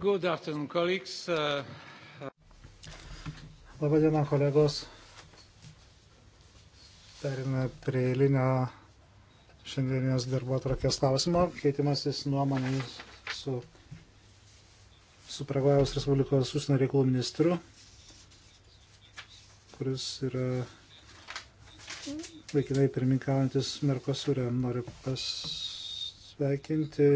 Good afternoon, colleagues. Uh, uh, Labadiena, kolegos. Perina prie eilinio šiandieninės darbo atrakės klausimo. Keitimasis nuomonės su, su Pragojos Respublikos užsienio reikalų ministru, kuris yra laikinai pirmininkaujantis Merkosūrė. Noriu pasveikinti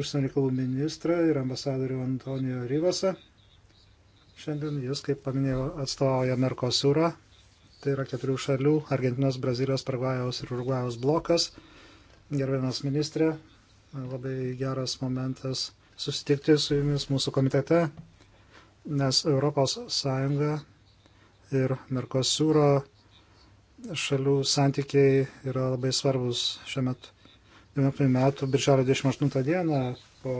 užsienio reikalų ministrą ir ambasadorių Antonijo Ryvasą. Šiandien jis, kaip paminėjau, atstovauja Merkosurą. Tai yra keturių šalių - Argentinos, Brazilijos, Paragvajos ir Urugvajos blokas. Gerbiamas ministrė, labai geras momentas susitikti su jumis mūsų komitete, nes ES ir Merkosūro šalių santykiai yra labai svarbus šiuo metu. 19 metų birželio 28 dieną po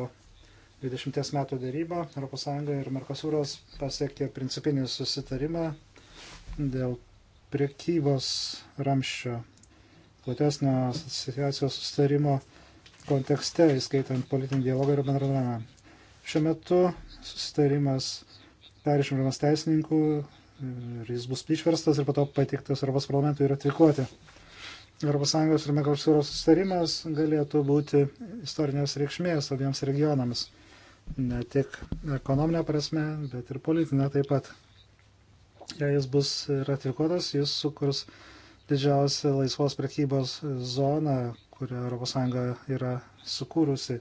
20 metų darybą ES ir Merkosūros pasiekė principinį susitarimą dėl priekybos ramščio platesnio asociacijos susitarimo kontekste, įskaitant politinį dialogą ir bendradavimą. Šiuo metu susitarimas peržiūrimas teisininkų ir jis bus išverstas ir po to pateiktas Europos parlamentui ratifikuoti. ES ir Mercosūros sustarimas galėtų būti istorinės reikšmės abiems regionams. Ne tik ekonominė prasme, bet ir politinė taip pat. Jei jis bus ratifikuotas, jis sukurs didžiausią laisvos prekybos zoną, kurią ES yra sukūrusi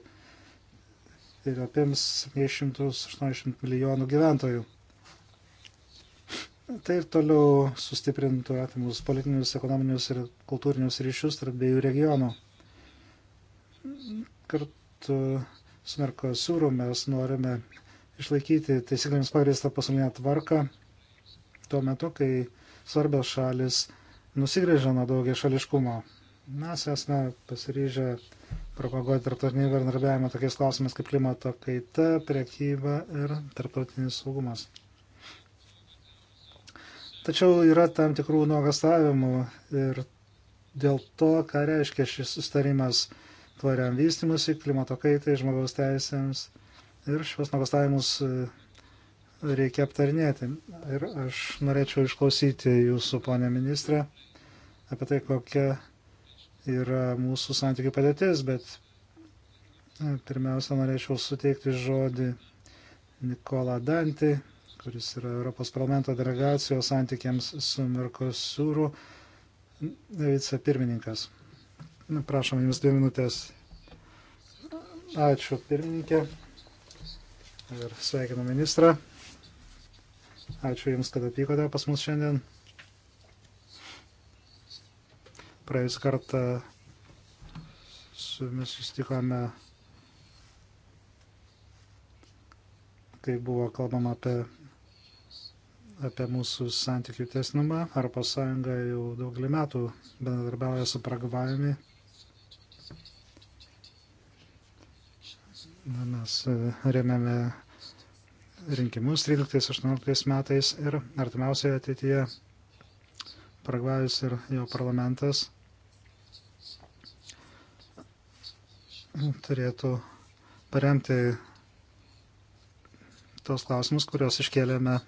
ir apims 780 milijonų gyventojų. Tai ir toliau sustiprintų atimus politinius, ekonominius ir kultūrinius ryšius tarp dviejų regionų. Kartu su Merkosūru mes norime išlaikyti taisyklėmis pagrįstą pasaulinę tvarką tuo metu, kai svarbios šalis nusigrėžia nuo daugia šališkumo. Mes esame pasiryžę propaguoti tarptautinį bendradarbiavimą tokiais klausimais kaip klimato kaita, priekyba ir tarptautinis saugumas. Tačiau yra tam tikrų nuogastavimų ir dėl to, ką reiškia šis sustarimas tvariam vystimusi, klimato kaitai, žmogaus teisėms. Ir šios nuogastavimus e, reikia aptarnėti. Ir aš norėčiau išklausyti jūsų, ponė ministrė, apie tai, kokia yra mūsų santykių padėtis, bet e, pirmiausia, norėčiau suteikti žodį Nikola Dantį, kuris yra Europos parlamento delegacijos santykiams su Merkosūru vicepirmininkas. Prašom, jums dvi minutės. Ačiū pirmininkė ir sveikinu ministrą. Ačiū Jums, kad atvykote pas mus šiandien. Praėjus kartą su Jumis sustikome, kai buvo kalbama apie apie mūsų santykių tiesnumą. Europos Sąjunga jau daugelį metų bendradarbiauja su Paragvajumi. Mes e, remiame rinkimus 13-18 metais ir artimiausioje ateityje Paragvajus ir jo parlamentas turėtų paremti tos klausimus, kuriuos iškėlėme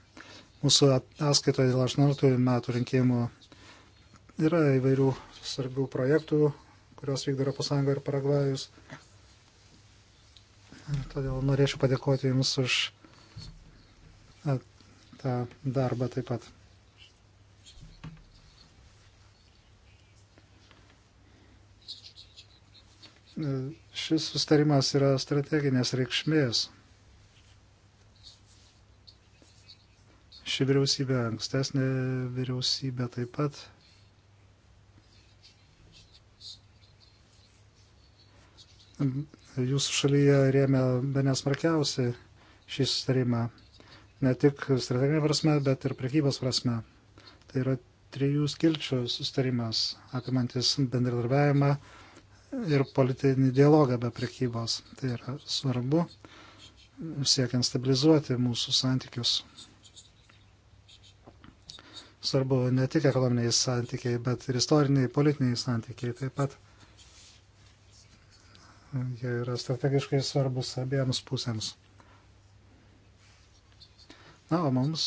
Mūsų ataskaitoje dėl 18 metų rinkimų yra įvairių svarbių projektų, kurios vykdo Europos Sąjunga ir Paragvajus. Todėl norėčiau padėkoti Jums už tą darbą taip pat. Šis sustarimas yra strateginės reikšmės. Ši vyriausybė, ankstesnė vyriausybė taip pat. Jūsų šalyje rėmė be nesmarkiausiai šį sustarimą. Ne tik strateginė prasme, bet ir prekybos prasme. Tai yra trijų skilčių sustarimas, apimantis bendradarbiavimą ir politinį dialogą be prekybos. Tai yra svarbu siekiant stabilizuoti mūsų santykius svarbu ne tik ekonominiai santykiai, bet ir istoriniai, politiniai santykiai taip pat. Jie yra strategiškai svarbus abiems pusėms. Na, o mums,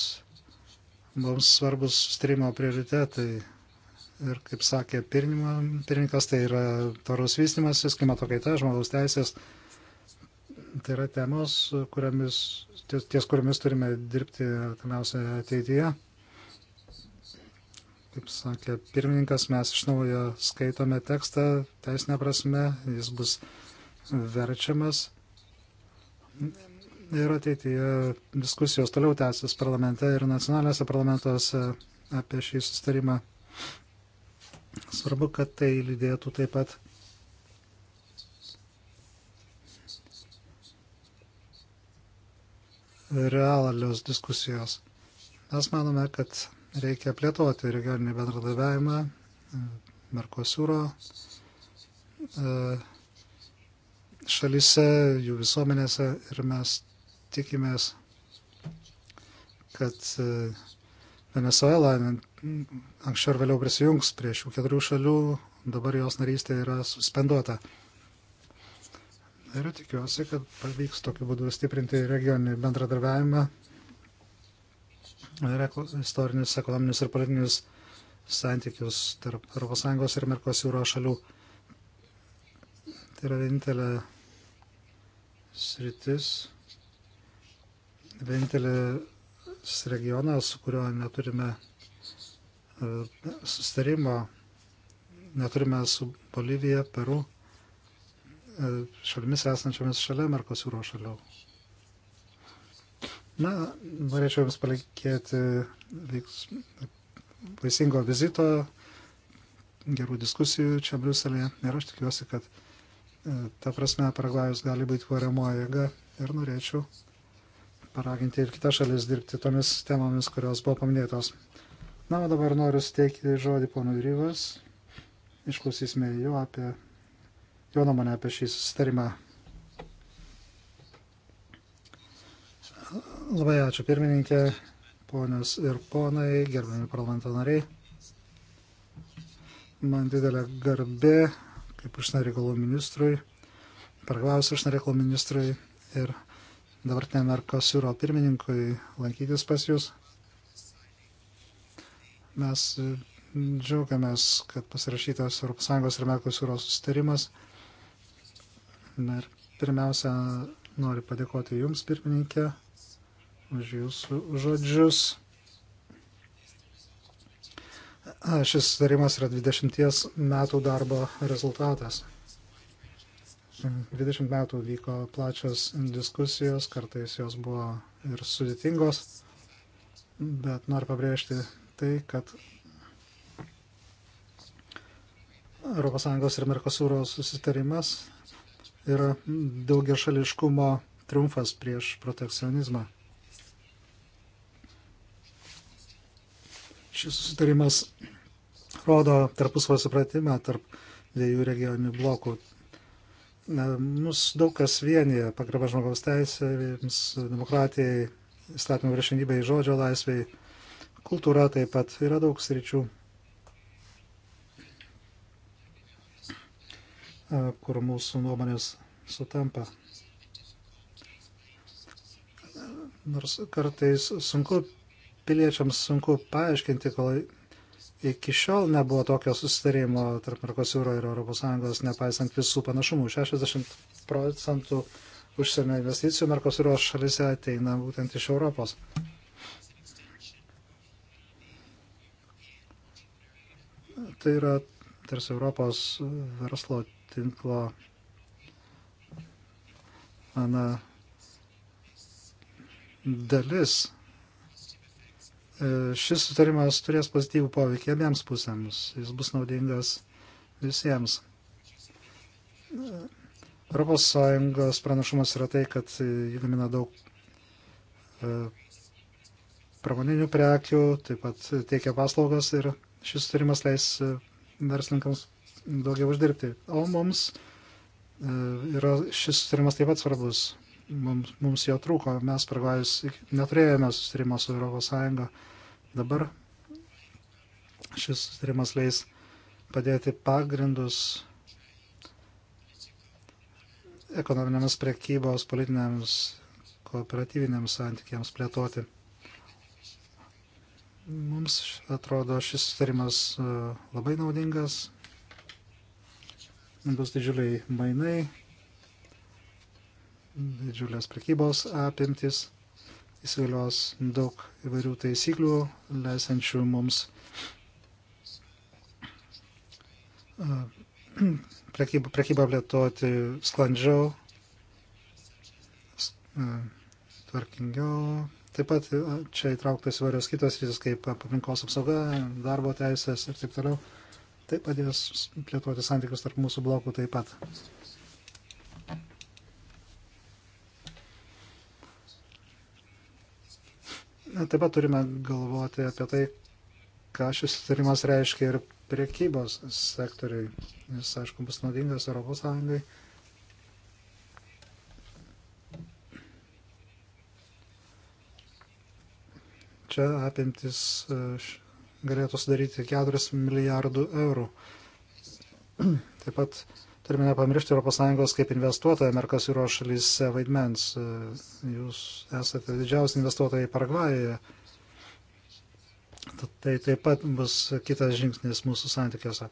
mums svarbus strimo prioritetai. Ir kaip sakė pirmininkas, tai yra tvarus vystimasis, klimato kaita, žmogaus teisės. Tai yra temos, kuriamis, ties, ties kuriomis turime dirbti artimiausioje ateityje. Kaip sakė pirmininkas, mes iš naujo skaitome tekstą teisinę prasme, jis bus verčiamas. Ir ateityje diskusijos toliau tęsis parlamente ir nacionalinėse parlamentuose apie šį sustarimą. Svarbu, kad tai lydėtų taip pat realios diskusijos. Mes manome, kad Reikia plėtoti regioninį bendradarbiavimą e, Merkosūro e, šalise, jų visuomenėse ir mes tikimės, kad e, Venezuela anksčiau ar vėliau prisijungs prie šių keturių šalių, dabar jos narystė yra suspenduota. Ir tikiuosi, kad pavyks tokiu būdu stiprinti regioninį bendradarbiavimą istorinius, ekonominius ir politinius santykius tarp ES ir Merkosiūro šalių. Tai yra vienintelė sritis, vienintelis regionas, su kuriuo neturime e, sustarimo, neturime su Bolivija, Peru, e, šalimis esančiomis šalia Merkosiūro šalių. Na, norėčiau Jums palinkėti vaisingo vizito, gerų diskusijų čia Briuselėje ir aš tikiuosi, kad e, ta prasme Paragvajus gali būti variamoja jėga ir norėčiau paraginti ir kitas šalis dirbti tomis temomis, kurios buvo paminėtos. Na, o dabar noriu suteikti žodį ponui Ryvas. Išklausysime jo apie, jo nuomonę apie šį susitarimą. Labai ačiū pirmininkė, ponios ir ponai, gerbiami parlamento nariai. Man didelė garbė, kaip užsienio reikalų ministrui, perklausiu užsienio reikalų ministrui ir dabartiniam Merkosiūro pirmininkui lankytis pas jūs. Mes džiaugiamės, kad pasirašytas ES ir Merkosiūro susitarimas. Ir pirmiausia, noriu padėkoti Jums, pirmininkė, už jūsų žodžius. Šis sutarimas yra 20 metų darbo rezultatas. 20 metų vyko plačios diskusijos, kartais jos buvo ir sudėtingos, bet noriu pabrėžti tai, kad ES ir Merkosūro susitarimas yra daugia šališkumo triumfas prieš protekcionizmą. Šis susitarimas rodo tarpusavio supratimą tarp dviejų regioninių blokų. Mus daug kas vienyje pagarba žmogaus teisėms, demokratijai, įstatymų viršenybei, žodžio laisvei, kultūra taip pat yra daug sričių, kur mūsų nuomonės sutampa. Nors kartais sunku piliečiams sunku paaiškinti, kol iki šiol nebuvo tokio susitarimo tarp Merkosūro ir ES, nepaisant visų panašumų. 60 procentų užsienio investicijų Merkosūro šalise ateina būtent iš Europos. Tai yra tarsi Europos verslo tinklo na, dalis E, šis sutarimas turės pozityvų poveikį abiems pusėms. Jis bus naudingas visiems. Europos Sąjungos pranašumas yra tai, kad jį gamina daug e, pramoninių prekių, taip pat teikia paslaugas ir šis sutarimas leis e, verslininkams daugiau uždirbti. O mums yra šis sutarimas taip pat svarbus mums, mums jo trūko, mes Paragvajus neturėjome sustarimo su ES. Dabar šis sustarimas leis padėti pagrindus ekonominėms prekybos, politinėms, kooperatyvinėms santykiams plėtoti. Mums atrodo šis sustarimas e, labai naudingas. Bus didžiuliai mainai didžiulės prekybos apimtis, įsigalios daug įvairių taisyklių, lesančių mums prekybą, prekybą plėtoti sklandžiau, tvarkingiau. Taip pat čia įtrauktas įvairios kitos rytis, kaip aplinkos apsauga, darbo teisės ir taip toliau. Tai padės plėtoti santykius tarp mūsų blokų taip pat. Taip pat turime galvoti apie tai, ką šis sutarimas reiškia ir priekybos sektoriai. Jis, aišku, bus naudingas Europos Sąjungai. Čia apimtis e, galėtų sudaryti 4 milijardų eurų. Taip pat Turime nepamiršti ES kaip investuotojo Merkosūro šalyse vaidmens. Jūs esate didžiausi investuotojai Paragvajoje. Tai taip pat bus kitas žingsnis mūsų santykiuose.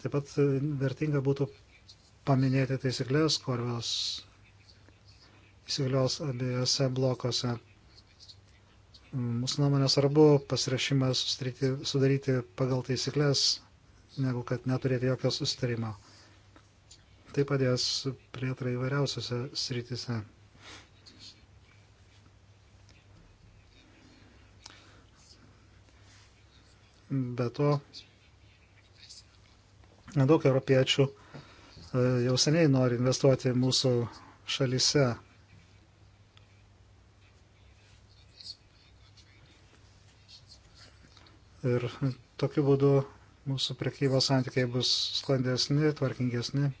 Taip pat vertinga būtų paminėti taisyklės, kurios įsigalios abiejose blokose. Mūsų nuomonė svarbu pasirašymą sudaryti pagal taisyklės, negu kad neturėti jokio sustarimo. Tai padės plėtrai įvairiausiose srityse. Be to, nedaug europiečių e, jau seniai nori investuoti mūsų šalyse. Ir tokiu būdu mūsų prekybos santykiai bus sklandesni, tvarkingesni.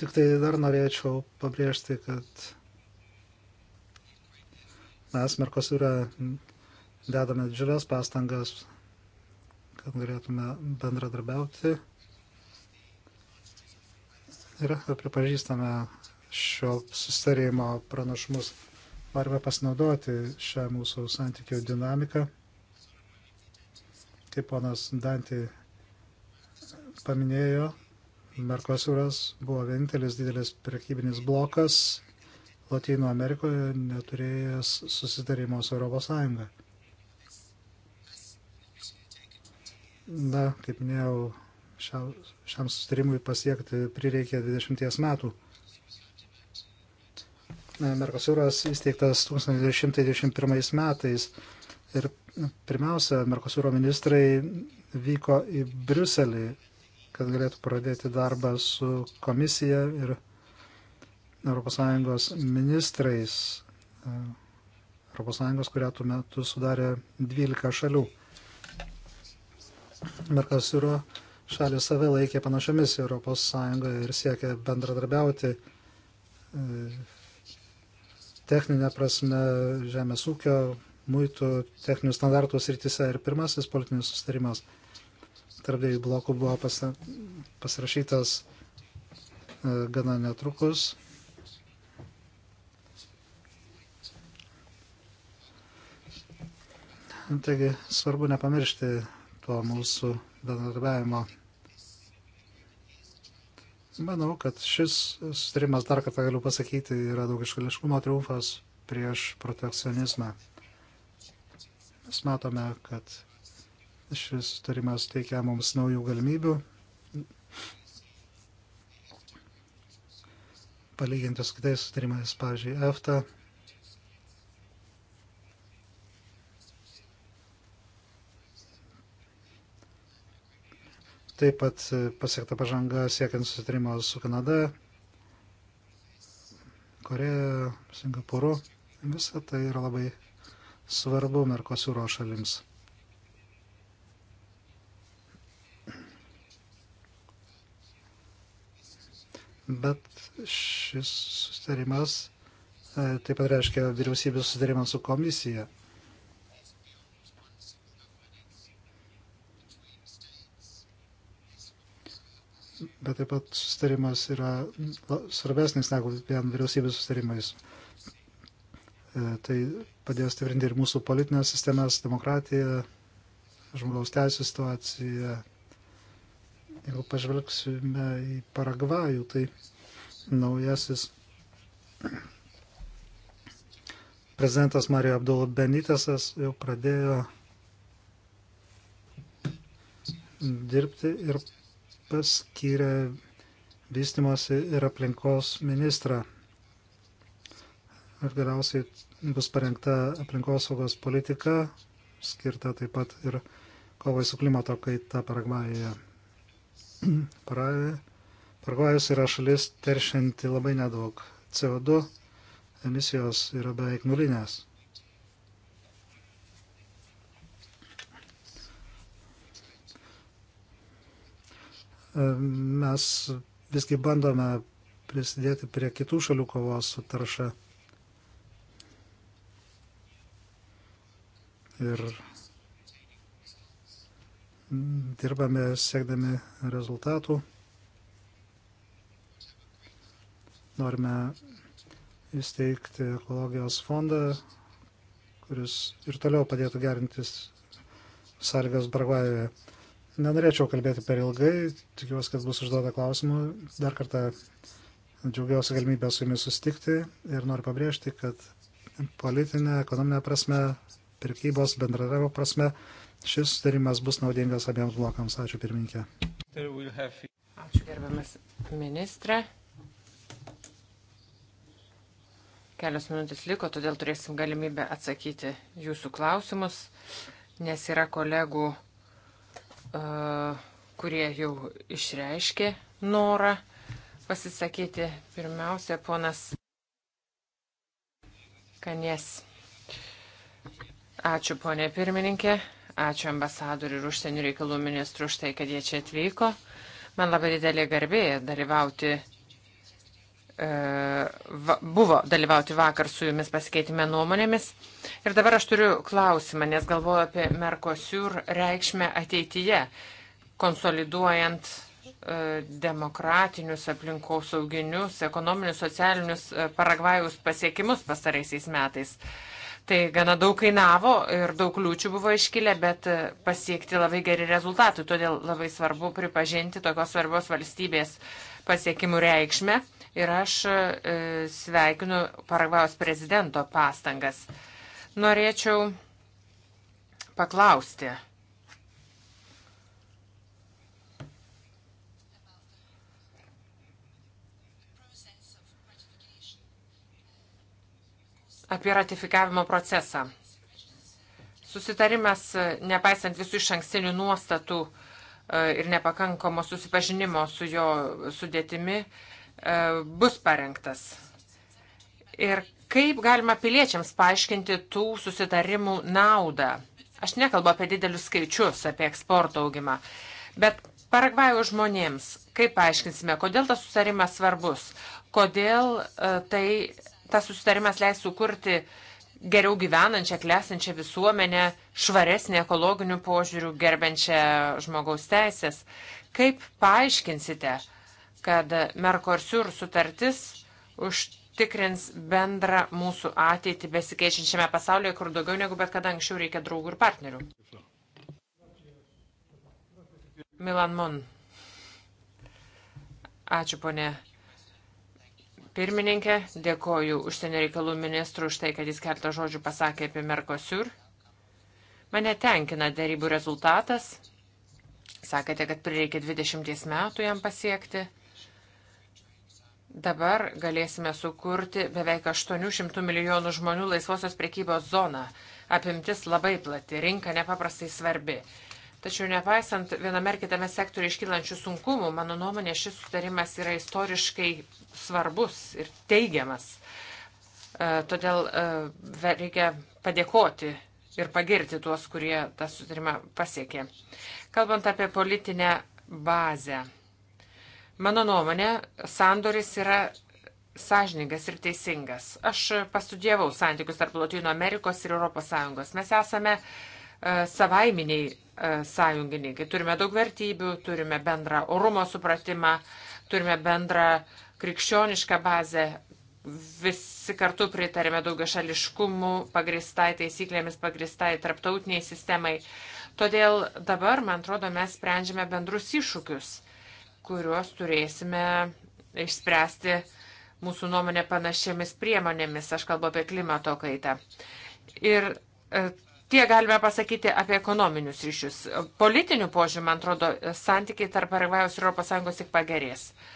Tik tai dar norėčiau pabrėžti, kad mes Merkosūrą dedame didžiulės pastangas, kad galėtume bendradarbiauti ir pripažįstame šio sustarimo pranašumus. Norime pasinaudoti šią mūsų santykių dinamiką. Kaip ponas Dantį paminėjo, Merkosuras buvo vienintelis didelis prekybinis blokas Latino Amerikoje neturėjęs susitarimo su Europos Sąjunga. Na, kaip minėjau, šiam, šiam susitarimui pasiekti prireikė 20 metų. Merkosuras įsteigtas 1921 metais ir pirmiausia, Merkosuro ministrai vyko į Briuselį kad galėtų pradėti darbą su komisija ir ES ministrais. ES, kurią tuo metu sudarė 12 šalių. Merkasūro šalis save laikė panašiamis ES ir siekė bendradarbiauti e, techninę prasme žemės ūkio, muitų, techninių standartų srityse. Ir pirmasis politinis sustarimas tarp dviejų blokų buvo pasa, pasirašytas e, gana netrukus. Taigi svarbu nepamiršti to mūsų bendradarbiavimo. Manau, kad šis sustarimas, dar kartą galiu pasakyti, yra daugiškališkumo triumfas prieš protekcionizmą. Mes matome, kad Šis sutarimas teikia mums naujų galimybių palyginti su kitais sutarimais, pavyzdžiui, EFTA. Taip pat pasiekta pažanga siekiant susitarimo su Kanada, Koreja, Singapūru. Visa tai yra labai svarbu Merkosiūro šalims. bet šis sustarimas e, taip pat reiškia vyriausybės sustarimą su komisija. Bet taip pat sustarimas yra svarbesnis negu vien vyriausybės sustarimais. E, tai padės stiprinti ir mūsų politinės sistemas, demokratiją, žmogaus teisų situaciją, Jeigu pažvelgsime į Paragvajų, tai naujasis prezidentas Mario Abdulo Benitesas jau pradėjo dirbti ir paskyrė vystimosi ir aplinkos ministrą. Ir galiausiai bus parengta aplinkosaugos politika, skirta taip pat ir kovai su klimato kaita Paragvajoje. Paragvajus yra šalis teršianti labai nedaug. CO2 emisijos yra beveik nulinės. E, mes visgi bandome prisidėti prie kitų šalių kovos su tarša. Ir dirbame siekdami rezultatų. Norime įsteigti ekologijos fondą, kuris ir toliau padėtų gerintis sąlygas Barguajoje. Nenorėčiau kalbėti per ilgai, tikiuosi, kad bus užduota klausimų. Dar kartą džiaugiausi galimybę su jumis sustikti ir noriu pabrėžti, kad politinė, ekonominė prasme prekybos bendravimo prasme. Šis sutarimas bus naudingas abiems blokams. Ačiū pirmininkė. Ačiū gerbiamas ministrė. Kelios minutės liko, todėl turėsim galimybę atsakyti jūsų klausimus, nes yra kolegų, uh, kurie jau išreiškė norą pasisakyti. Pirmiausia, ponas Kanės. Ačiū, ponė pirmininkė. Ačiū ambasadoriui ir užsienio reikalų ministru už tai, kad jie čia atvyko. Man labai didelė garbė dalyvauti e, va, buvo dalyvauti vakar su jumis pasikeitime nuomonėmis. Ir dabar aš turiu klausimą, nes galvoju apie Merkosiur reikšmę ateityje, konsoliduojant e, demokratinius, aplinkosauginius, ekonominius, socialinius e, Paragvajaus pasiekimus pastaraisiais metais. Uh, Tai gana daug kainavo ir daug kliūčių buvo iškilę, bet pasiekti labai geri rezultatų. Todėl labai svarbu pripažinti tokios svarbios valstybės pasiekimų reikšmę. Ir aš e, sveikinu Paragvajos prezidento pastangas. Norėčiau paklausti apie ratifikavimo procesą. Susitarimas, nepaisant visų iš ankstinių nuostatų e, ir nepakankamo susipažinimo su jo sudėtimi, e, bus parengtas. Ir kaip galima piliečiams paaiškinti tų susitarimų naudą? Aš nekalbu apie didelius skaičius, apie eksporto augimą, bet Paragvajo žmonėms, kaip paaiškinsime, kodėl tas susitarimas svarbus, kodėl e, tai Tas susitarimas leis sukurti geriau gyvenančią, klesančią visuomenę, švaresnį ekologinių požiūrių, gerbenčią žmogaus teisės. Kaip paaiškinsite, kad Mercosur sutartis užtikrins bendrą mūsų ateitį besikeičiančiame pasaulyje, kur daugiau negu bet kada anksčiau reikia draugų ir partnerių? Milan Mon. Ačiū, ponė pirmininkė, dėkoju užsienio reikalų ministru už tai, kad jis keletą žodžių pasakė apie Merkosiur. Mane tenkina darybų rezultatas. Sakėte, kad prireikė 20 metų jam pasiekti. Dabar galėsime sukurti beveik 800 milijonų žmonių laisvosios prekybos zoną. Apimtis labai plati, rinka nepaprastai svarbi. Tačiau nepaisant viename ar kitame sektoriu iškylančių sunkumų, mano nuomonė, šis sutarimas yra istoriškai svarbus ir teigiamas. E, todėl e, reikia padėkoti ir pagirti tuos, kurie tą sutarimą pasiekė. Kalbant apie politinę bazę. Mano nuomonė, sandoris yra sąžiningas ir teisingas. Aš pastudijavau santykius tarp Latino Amerikos ir ES. Mes esame e, savaiminiai sąjungininkai. Turime daug vertybių, turime bendrą orumo supratimą, turime bendrą uh, krikščionišką bazę. Visi kartu pritarėme daugia šališkumų, pagristai taisyklėmis, pagristai tarptautiniai sistemai. Todėl dabar, man atrodo, mes sprendžiame bendrus iššūkius, kuriuos turėsime išspręsti mūsų nuomonė panašiamis priemonėmis. Aš kalbu apie klimato kaitą. Ir e, tie galime pasakyti apie ekonominius ryšius. Politinių požiūrį, man atrodo, santykiai tarp Paragvajaus ir ES tik pagerės. Uh,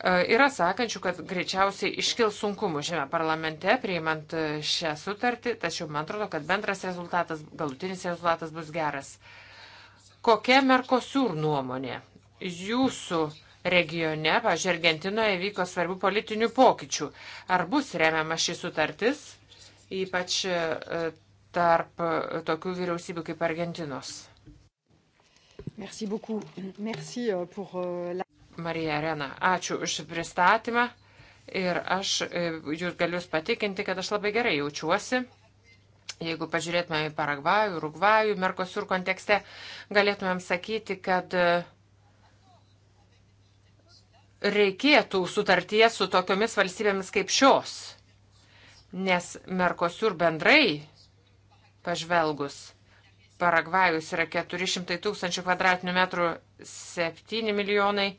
E, yra sakančių, kad greičiausiai iškils sunkumų šiame parlamente priimant e, šią sutartį, tačiau man atrodo, kad bendras rezultatas, galutinis rezultatas bus geras. Kokia Merkosur nuomonė? Jūsų regione, pažiūrėjau, Argentinoje vyko svarbių politinių pokyčių. Ar bus remiama ši sutartis, ypač e, tarp tokių vyriausybių kaip Argentinos? Merci beaucoup. Merci euh, pour euh, la... Marija Arena. Ačiū už pristatymą ir aš e, jūs galiu patikinti, kad aš labai gerai jaučiuosi. Jeigu pažiūrėtume į Paragvajų, Urugvajų, Merkosur kontekste, galėtumėm sakyti, kad e, reikėtų sutarties su tokiomis valstybėmis kaip šios. Nes Merkosur bendrai pažvelgus Paragvajus yra 400 tūkstančių kvadratinių metrų 7 milijonai e,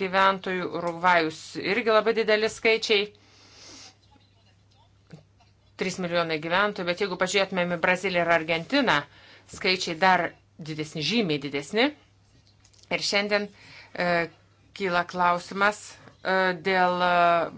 gyventojų, Urugvajus irgi labai dideli skaičiai. 3 milijonai gyventojų, bet jeigu pažiūrėtumėm į Braziliją ir Argentiną, skaičiai dar didesni, žymiai didesni. Ir šiandien e, kyla klausimas e, dėl e,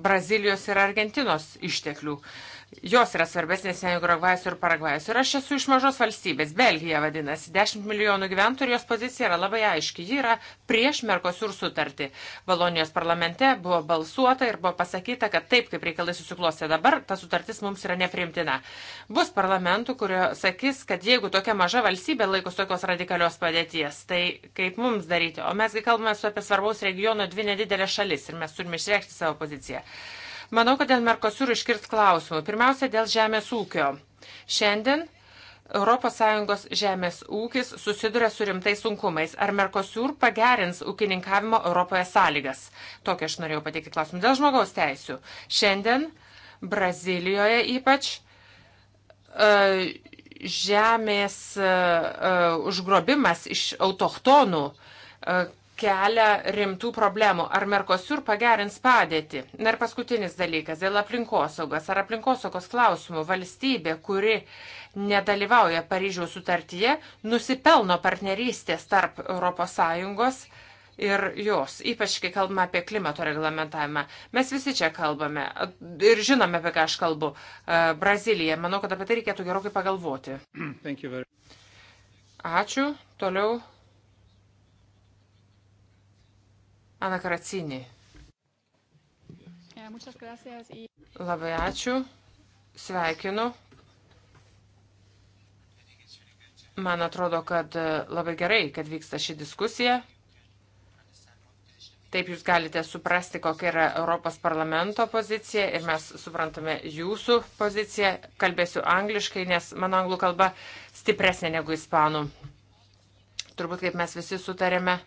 Brazilijos ir Argentinos išteklių. E, jos yra svarbesnės negu Urugvajus ir Paragvajus. Ir aš esu iš mažos valstybės, Belgija vadinasi, 10 milijonų gyventojų ir jos pozicija yra labai aiški. Ji yra prieš Merkosur sutartį. Valonijos parlamente buvo balsuota ir buvo pasakyta, kad taip, kaip reikalai susiklostė dabar, ta sutartis mums yra neprimtina. Bus parlamentų, kurio sakys, kad jeigu tokia maža valstybė laikos tokios radikalios padėties, tai kaip mums daryti? O mesgi kalbame su apie svarbaus regiono dvi nedidelės šalis ir mes turime išreikšti savo poziciją. Manau, kad dėl Merkosur iškirs klausimų. Pirmiausia, dėl žemės ūkio. Šiandien ES žemės ūkis susiduria su rimtais sunkumais. Ar Merkosur pagerins ūkininkavimo Europoje sąlygas? Tokį aš norėjau pateikti klausimą. Dėl žmogaus teisių. Šiandien Brazilijoje ypač e, žemės e, e, užgrobimas iš autochtonų kelia rimtų problemų. Ar Merkosur pagerins padėtį? Na ir paskutinis dalykas dėl aplinkosaugas. Ar aplinkosaugos klausimų valstybė, kuri nedalyvauja Paryžiaus sutartyje, nusipelno partnerystės tarp ES ir jos, ypač kai kalbame apie klimato reglamentavimą. Mes visi čia kalbame ir žinome, apie ką aš kalbu. E, Brazilija, manau, kad apie tai reikėtų gerokai pagalvoti. Ačiū. Toliau Ana Karacinį. Labai ačiū. Sveikinu. Man atrodo, kad e, labai gerai, kad vyksta ši diskusija. Taip jūs galite suprasti, kokia yra Europos parlamento pozicija ir mes suprantame jūsų poziciją. Kalbėsiu angliškai, nes mano anglų kalba stipresnė negu ispanų. Turbūt kaip mes visi sutarėme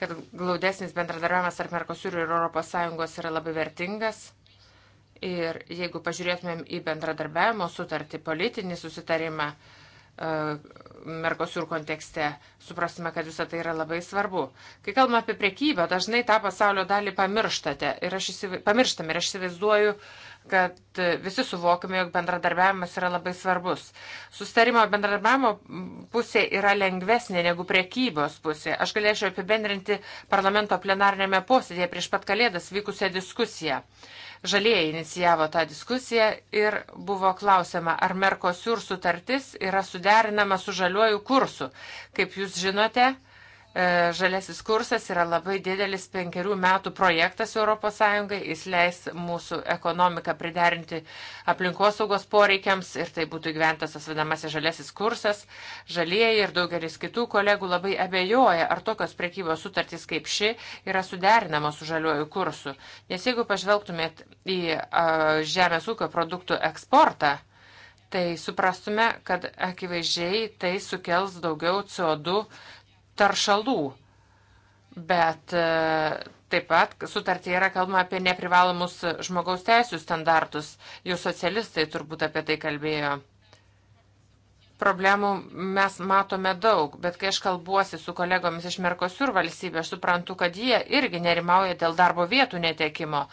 kad glaudesnis bendradarbiavimas tarp Merkosiūrių ir ES yra labai vertingas. Ir jeigu pažiūrėtumėm į bendradarbiavimo sutartį, politinį susitarimą, Merkosur kontekste. Suprasime, kad visą tai yra labai svarbu. Kai kalbame apie priekybą, dažnai tą pasaulio dalį pamirštate ir aš, įsiv... pamirštam, ir aš įsivaizduoju, kad visi suvokime, jog bendradarbiavimas yra labai svarbus. Sustarimo bendradarbiavimo pusė yra lengvesnė negu priekybos pusė. Aš galėčiau apibendrinti parlamento plenarnėme posėdėje prieš pat kalėdas vykusią diskusiją. Uh, Žalieji inicijavo tą diskusiją ir buvo klausima, ar Merkosiur sutartis yra suderinama su žaliuoju kursu. Kaip jūs žinote, E, žalesis kursas yra labai didelis penkerių metų projektas ES, jis leis mūsų ekonomiką priderinti aplinkosaugos poreikiams ir tai būtų gyventas tas vadamasis žalesis kursas. Žalieji ir daugelis kitų kolegų labai abejoja, ar tokios priekybos sutartys kaip ši yra suderinamos su žaliuoju kursu. Nes jeigu pažvelgtumėt į a, žemės ūkio produktų eksportą, tai suprastume, kad akivaizdžiai tai sukels daugiau CO2 taršalų, bet e, Taip pat sutartyje yra kalbama apie neprivalomus žmogaus teisų standartus. Jau socialistai turbūt apie tai kalbėjo. Problemų mes matome daug, bet kai aš kalbuosi su kolegomis iš Merkosiur valstybė, aš suprantu, kad jie irgi nerimauja dėl darbo vietų netekimo,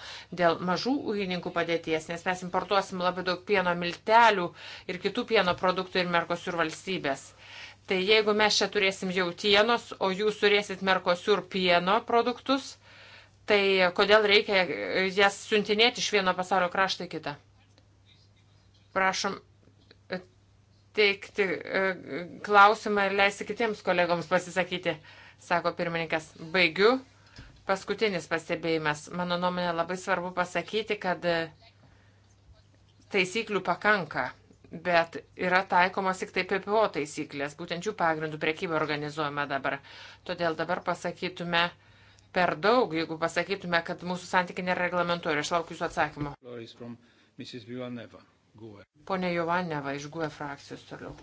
dėl mažų ūkininkų padėties, nes mes importuosim labai daug pieno miltelių ir kitų pieno produktų ir Merkosiur valstybės. Tai jeigu mes čia turėsim jautienos, o jūs turėsit merkosiur pieno produktus, tai kodėl reikia jas siuntinėti iš vieno pasaulio krašto į kitą? Prašom e, teikti e, klausimą ir leisti kitiems kolegoms pasisakyti, sako pirmininkas. Baigiu. Paskutinis pastebėjimas. Mano nuomonė labai svarbu pasakyti, kad e, taisyklių pakanka bet yra taikomas tik tai PPO taisyklės, būtent jų pagrindų prekyba organizuojama dabar. Todėl dabar pasakytume per daug, jeigu pasakytume, kad mūsų santykiai nėra reglamentuojami. Aš laukiu jūsų atsakymo. E. Pone Jovaneva iš GUE frakcijos toliau.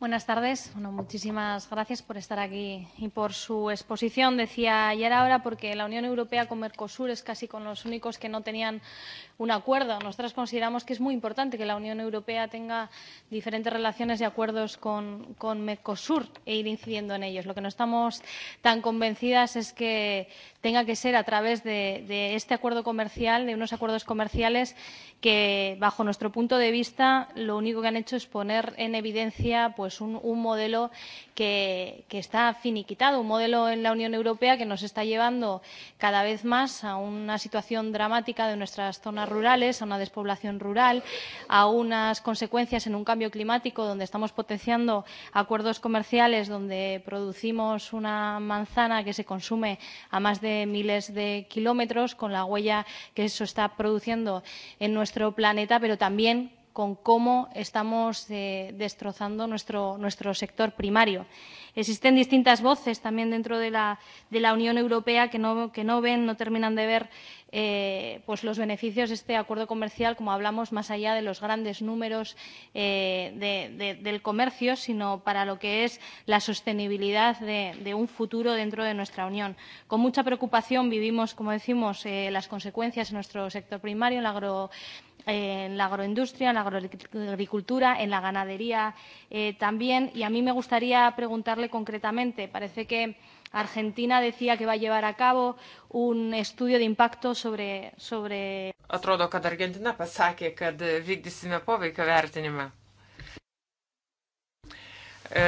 Buenas tardes. Bueno, muchísimas gracias por estar aquí y por su exposición. Decía ayer ahora porque la Unión Europea con Mercosur es casi con los únicos que no tenían un acuerdo. Nosotras consideramos que es muy importante que la Unión Europea tenga diferentes relaciones y acuerdos con, con Mercosur e ir incidiendo en ellos. Lo que no estamos tan convencidas es que tenga que ser a través de, de este acuerdo comercial, de unos acuerdos comerciales que, bajo nuestro punto de vista, lo único que han hecho es poner en evidencia pues, un, un modelo que, que está finiquitado, un modelo en la Unión Europea que nos está llevando cada vez más a una situación dramática de nuestras zonas rurales, a una despoblación rural, a unas consecuencias en un cambio climático donde estamos potenciando acuerdos comerciales donde producimos una manzana que se consume a más de de miles de kilómetros, con la huella que eso está produciendo en nuestro planeta, pero también con cómo estamos eh, destrozando nuestro, nuestro sector primario. Existen distintas voces también dentro de la, de la Unión Europea que no, que no ven, no terminan de ver eh, pues los beneficios de este acuerdo comercial, como hablamos, más allá de los grandes números eh, de, de, del comercio, sino para lo que es la sostenibilidad de, de un futuro dentro de nuestra Unión. Con mucha preocupación vivimos, como decimos, eh, las consecuencias en nuestro sector primario, en la agroindustria en la agroindustria, en la agroagricultura, en la ganadería eh, también. Y a mí me gustaría preguntarle concretamente, parece que Argentina decía que va a llevar a cabo un estudio de impacto sobre. sobre... Atrodo, kad Argentina pasakė, kad vykdysime poveikio vertinimą. E,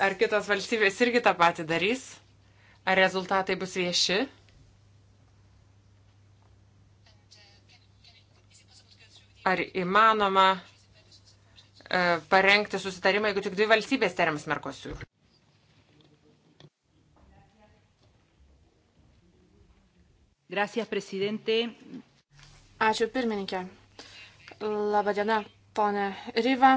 ar kitos valstybės irgi tą patį darys? Ar rezultatai bus vieši? ar įmanoma e, parengti susitarimą, jeigu tik dvi valstybės teriams Merkosiūr. Gracias, prezidente. Ačiū, pirmininkė. Labadiena, ponė Ryva.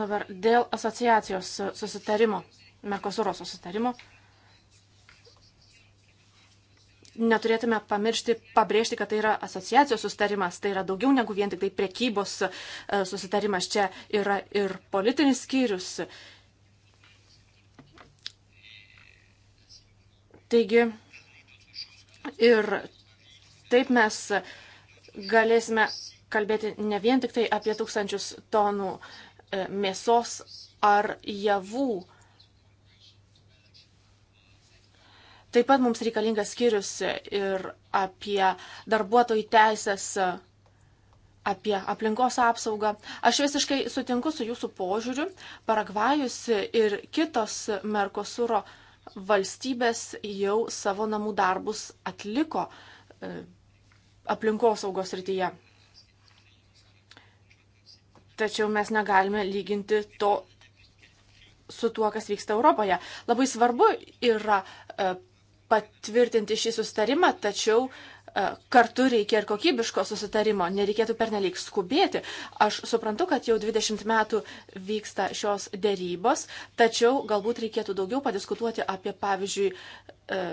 Dabar dėl asociacijos susitarimo, Merkosūro susitarimo neturėtume pamiršti, pabrėžti, kad tai yra asociacijos sustarimas, tai yra daugiau negu vien tik tai prekybos e, susitarimas, čia yra ir politinis skyrius. Taigi ir taip mes galėsime kalbėti ne vien tik tai apie tūkstančius tonų e, mėsos ar javų, Taip pat mums reikalingas skyrius ir apie darbuotojų teisės, apie aplinkos apsaugą. Aš visiškai sutinku su jūsų požiūriu. Paragvajus ir kitos Merkosūro valstybės jau savo namų darbus atliko e, aplinkosaugos rytyje. Tačiau mes negalime lyginti to su tuo, kas vyksta Europoje. Labai svarbu yra e, patvirtinti šį sustarimą, tačiau e, kartu reikia ir kokybiško susitarimo, nereikėtų pernelyg skubėti. Aš suprantu, kad jau 20 metų vyksta šios dėrybos, tačiau galbūt reikėtų daugiau padiskutuoti apie, pavyzdžiui, e,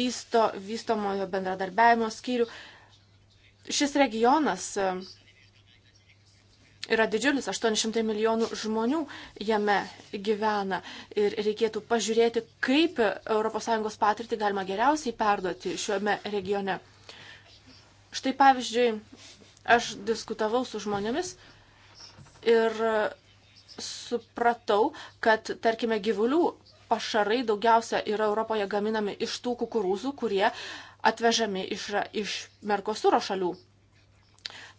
vysto, vystomojo bendradarbiavimo skyrių. Šis regionas e, yra didžiulis, 800 milijonų žmonių jame gyvena ir reikėtų pažiūrėti, kaip ES patirtį galima geriausiai perduoti šiame regione. Štai pavyzdžiui, aš diskutavau su žmonėmis ir supratau, kad, tarkime, gyvulių pašarai daugiausia yra Europoje gaminami iš tų kukurūzų, kurie atvežami iš, iš Merkosūro šalių.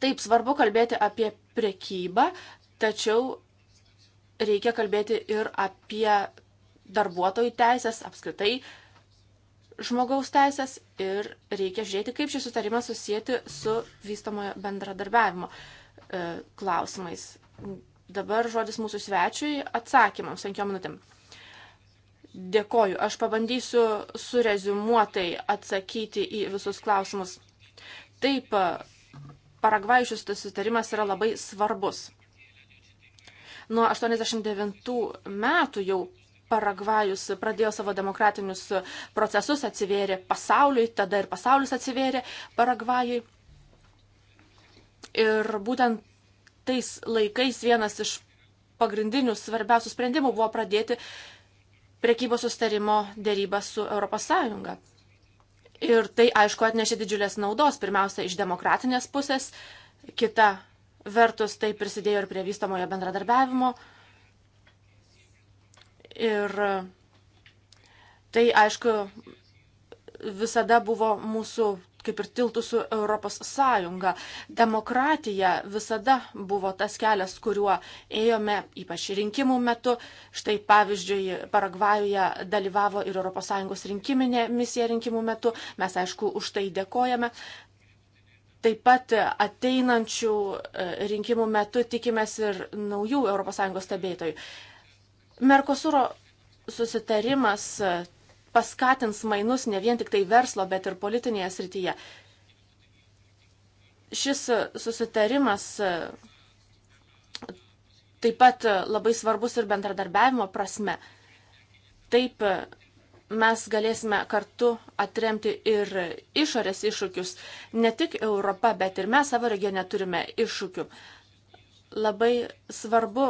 Taip, svarbu kalbėti apie prekybą, tačiau reikia kalbėti ir apie darbuotojų teisės, apskritai žmogaus teisės ir reikia žiūrėti, kaip šį sutarimą susijęti su vystamojo bendradarbiavimo e, klausimais. Dabar žodis mūsų svečiui atsakymams, penkiom minutėm. Dėkoju, aš pabandysiu surezumuotai atsakyti į visus klausimus. Taip, Paragvajų šis susitarimas yra labai svarbus. Nuo 89 metų jau Paragvajus pradėjo savo demokratinius procesus, atsivėrė pasauliui, tada ir pasaulis atsivėrė Paragvajui. Ir būtent tais laikais vienas iš pagrindinių svarbiausių sprendimų buvo pradėti priekybos sustarimo dėrybą su ES. Ir tai, aišku, atnešė didžiulės naudos, pirmiausia, iš demokratinės pusės, kita vertus tai prisidėjo ir prie vystamojo bendradarbiavimo. Ir tai, aišku, visada buvo mūsų kaip ir tiltų su Europos Sąjunga. Demokratija visada buvo tas kelias, kuriuo ėjome, ypač rinkimų metu. Štai pavyzdžiui, Paragvajuje dalyvavo ir Europos Sąjungos rinkiminė misija rinkimų metu. Mes, aišku, už tai dėkojame. Taip pat ateinančių e, rinkimų metu tikimės ir naujų ES stebėtojų. Merkosuro susitarimas paskatins mainus ne vien tik tai verslo, bet ir politinėje srityje. Šis susitarimas e, taip pat e, labai svarbus ir bendradarbiavimo prasme. Taip e, mes galėsime kartu atremti ir išorės iššūkius. Ne tik Europa, bet ir mes savo regione turime iššūkių. Labai svarbu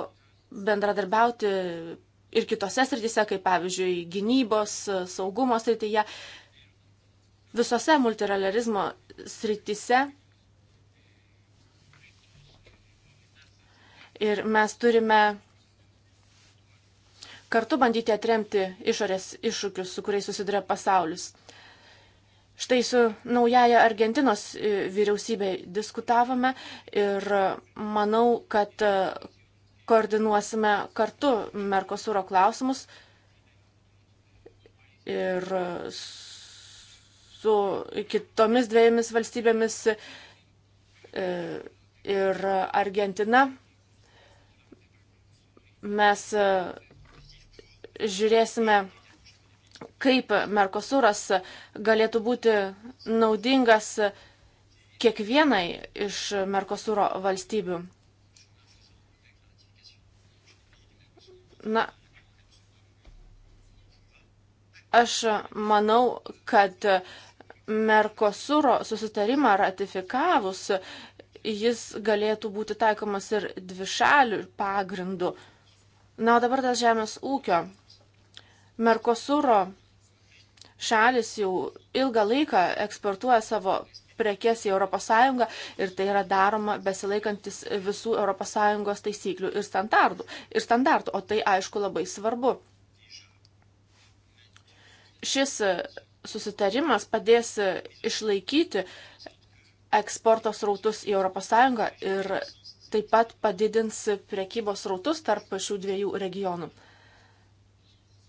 bendradarbiauti ir kitose srityse, kaip pavyzdžiui, gynybos, saugumo srityje, visose multilateralizmo srityse. Ir mes turime kartu bandyti atremti išorės iššūkius, su kuriais susiduria pasaulis. Štai su naujaja Argentinos e, vyriausybė diskutavome ir e, manau, kad e, koordinuosime kartu Merkosūro klausimus ir su kitomis dviejomis valstybėmis e, ir Argentina. Mes e, žiūrėsime, kaip Merkosuras galėtų būti naudingas kiekvienai iš Merkosuro valstybių. Na, aš manau, kad Merkosuro susitarimą ratifikavus jis galėtų būti taikomas ir dvišalių pagrindų. Na, o dabar tas žemės ūkio. Merkosuro šalis jau ilgą laiką eksportuoja savo prekes į ES ir tai yra daroma besilaikantis visų ES taisyklių ir standartų, ir standartų, o tai aišku labai svarbu. Šis susitarimas padės išlaikyti eksporto srautus į ES ir taip pat padidins priekybos srautus tarp šių dviejų regionų.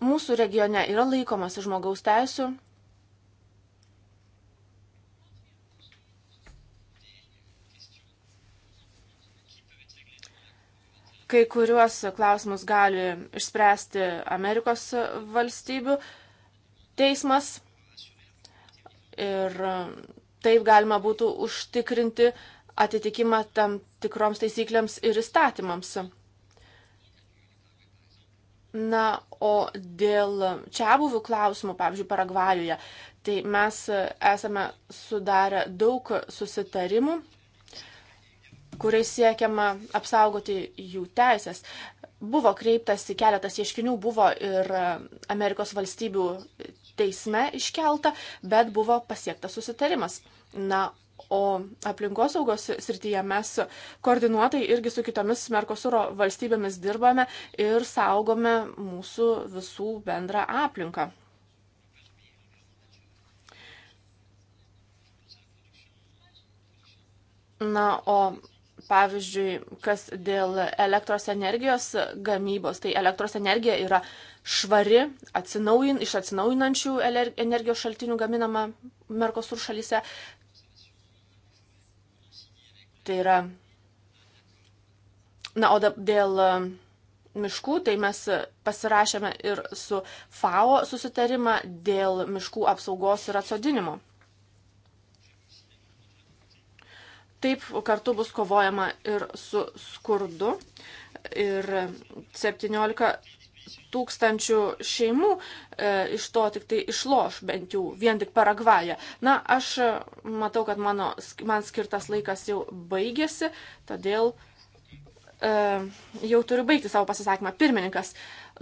Mūsų regione yra laikomasi žmogaus teisų, kai kuriuos klausimus gali išspręsti Amerikos valstybių teismas ir e, taip galima būtų užtikrinti atitikimą tam tikroms taisyklėms ir įstatymams. Na, o dėl čia buvių klausimų, pavyzdžiui, Paragvajoje, tai mes esame sudarę daug susitarimų kuriais siekiama apsaugoti jų teisės. Buvo kreiptasi keletas ieškinių, buvo ir Amerikos valstybių teisme iškelta, bet buvo pasiektas susitarimas. Na, o aplinkosaugos srityje mes koordinuotai irgi su kitomis Merkosuro valstybėmis dirbame ir saugome mūsų visų bendrą aplinką. Na, o Pavyzdžiui, kas dėl elektros energijos gamybos, tai elektros energija yra švari, atsinaujin, iš atsinaujinančių energijos šaltinių gaminama Merkosur šalyse. Tai yra. Na, o da, dėl e, miškų, tai mes pasirašėme ir su FAO susitarimą dėl miškų apsaugos ir atsodinimo. Taip kartu bus kovojama ir su skurdu. Ir 17 tūkstančių šeimų e, iš to tik tai išloš bent jau vien tik Paragvaja. Na, aš matau, kad mano, man skirtas laikas jau baigėsi, todėl e, jau turiu baigti savo pasisakymą. Pirmininkas,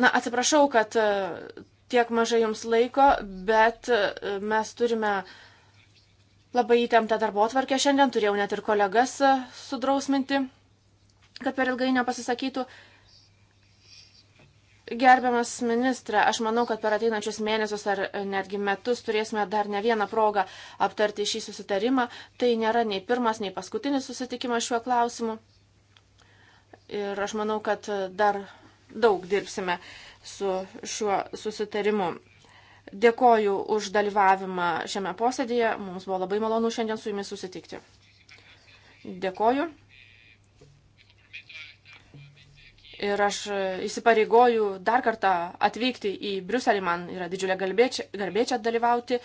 na, atsiprašau, kad e, tiek mažai jums laiko, bet e, mes turime e, Labai įtempta darbo atvarkė šiandien, turėjau net ir kolegas e, sudrausminti, kad per ilgai nepasisakytų. Gerbiamas ministrė, aš manau, kad per ateinančius mėnesius ar netgi metus turėsime dar ne vieną progą aptarti šį susitarimą. Tai nėra nei pirmas, nei paskutinis susitikimas šiuo klausimu. Ir aš manau, kad dar daug dirbsime su šiuo susitarimu. Dėkoju už dalyvavimą šiame posėdėje. Mums buvo labai malonu šiandien su jumis susitikti. Dėkoju. Ir aš įsipareigoju dar kartą atvykti į Briuselį, man yra didžiulė garbė čia dalyvauti.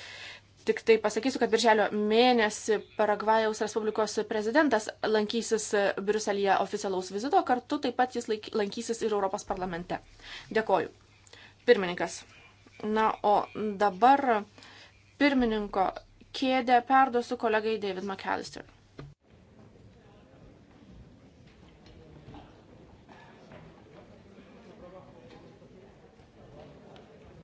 Tik tai pasakysiu, kad birželio mėnesį Paragvajaus Respublikos prezidentas lankysis Briuselėje oficialaus vizito, kartu taip pat jis lankysis ir Europos parlamente. Dėkoju. Pirmininkas. Na, o dabar pirmininko kėdę perduosiu kolegai David McAllister.